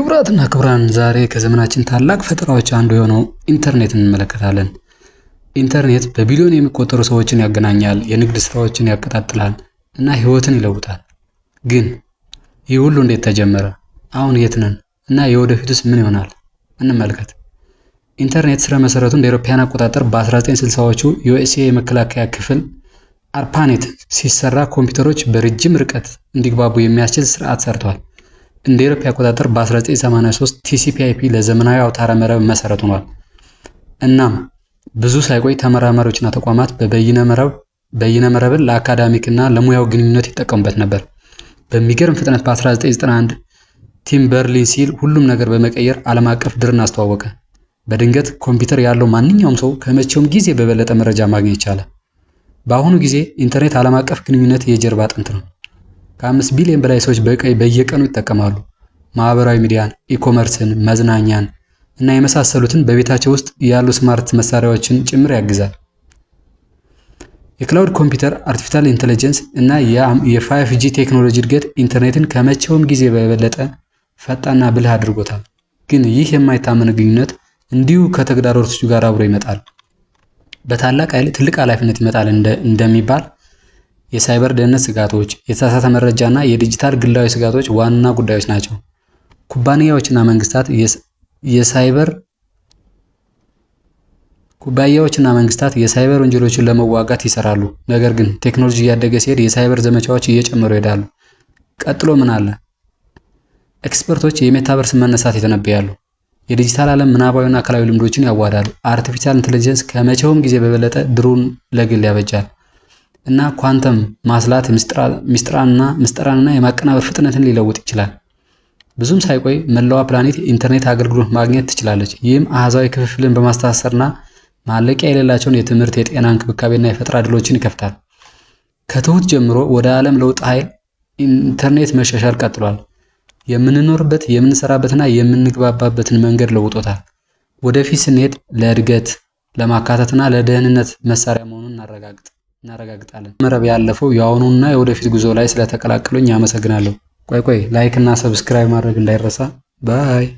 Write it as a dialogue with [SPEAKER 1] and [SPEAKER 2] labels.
[SPEAKER 1] ክቡራትና ክቡራን ዛሬ ከዘመናችን ታላቅ ፈጠራዎች አንዱ የሆነው ኢንተርኔት እንመለከታለን። ኢንተርኔት በቢሊዮን የሚቆጠሩ ሰዎችን ያገናኛል፣ የንግድ ስራዎችን ያቀጣጥላል እና ህይወትን ይለውጣል። ግን ይህ ሁሉ እንዴት ተጀመረ? አሁን የት ነን? እና የወደፊቱስ ምን ይሆናል? እንመልከት። ኢንተርኔት ስረ መሰረቱ እንደ አውሮፓውያን አቆጣጠር በ1960ዎቹ ዩኤስኤ የመከላከያ ክፍል አርፓኔት ሲሰራ ኮምፒውተሮች በረጅም ርቀት እንዲግባቡ የሚያስችል ስርዓት ሰርቷል። እንደ አውሮፓ አቆጣጠር በ1983 ቲሲፒአይፒ ለዘመናዊ አውታረ መረብ መሰረት ሆኗል። እናም ብዙ ሳይቆይ ተመራማሪዎችና ተቋማት በበይነ መረብን ለአካዳሚክ እና ለሙያው ግንኙነት ይጠቀሙበት ነበር። በሚገርም ፍጥነት በ1991 ቲም በርሊን ሲል ሁሉም ነገር በመቀየር ዓለም አቀፍ ድርን አስተዋወቀ። በድንገት ኮምፒውተር ያለው ማንኛውም ሰው ከመቼውም ጊዜ በበለጠ መረጃ ማግኘት ይቻላል። በአሁኑ ጊዜ ኢንተርኔት ዓለም አቀፍ ግንኙነት የጀርባ አጥንት ነው። ከአምስት ቢሊዮን በላይ ሰዎች በቀይ በየቀኑ ይጠቀማሉ። ማህበራዊ ሚዲያን፣ ኢኮመርስን፣ መዝናኛን እና የመሳሰሉትን በቤታቸው ውስጥ ያሉ ስማርት መሳሪያዎችን ጭምር ያግዛል። የክላውድ ኮምፒውተር፣ አርቲፊሻል ኢንተለጀንስ እና የፋይቭ ጂ ቴክኖሎጂ እድገት ኢንተርኔትን ከመቼውም ጊዜ በበለጠ ፈጣንና ብልህ አድርጎታል። ግን ይህ የማይታመን ግንኙነት እንዲሁ ከተግዳሮቶቹ ጋር አብሮ ይመጣል። በታላቅ ኃይል ትልቅ ኃላፊነት ይመጣል እንደሚባል የሳይበር ደህንነት ስጋቶች፣ የተሳሳተ መረጃ እና የዲጂታል ግላዊ ስጋቶች ዋና ጉዳዮች ናቸው። ኩባንያዎችና መንግስታት የሳይበር ኩባንያዎችና መንግስታት የሳይበር ወንጀሎችን ለመዋጋት ይሰራሉ። ነገር ግን ቴክኖሎጂ እያደገ ሲሄድ የሳይበር ዘመቻዎች እየጨመሩ ይሄዳሉ። ቀጥሎ ምን አለ? ኤክስፐርቶች የሜታቨርስ መነሳት ይተነብያሉ። የዲጂታል ዓለም ምናባዊና አካላዊ ልምዶችን ያዋዳሉ አርቲፊሻል ኢንተለጀንስ ከመቼውም ጊዜ በበለጠ ድሩን ለግል ያበጃል። እና ኳንተም ማስላት ምስጥራንና የማቀናበር ፍጥነትን ሊለውጥ ይችላል። ብዙም ሳይቆይ መላዋ ፕላኔት ኢንተርኔት አገልግሎት ማግኘት ትችላለች። ይህም አህዛዊ ክፍፍልን በማስተሳሰርና ማለቂያ የሌላቸውን የትምህርት፣ የጤና እንክብካቤና የፈጠራ እድሎችን ይከፍታል። ከትሁት ጀምሮ ወደ ዓለም ለውጥ ኃይል ኢንተርኔት መሻሻል ቀጥሏል። የምንኖርበት የምንሰራበትና የምንግባባበትን መንገድ ለውጦታል። ወደፊት ስንሄድ ለእድገት ለማካተትና ለደህንነት መሳሪያ መሆኑን እናረጋግጥ። እናረጋግጣለን። መረብ ያለፈው የአሁኑና የወደፊት ጉዞ ላይ ስለተቀላቀሉኝ አመሰግናለሁ። ቆይ ቆይ ላይክ እና ሰብስክራይብ ማድረግ እንዳይረሳ ባይ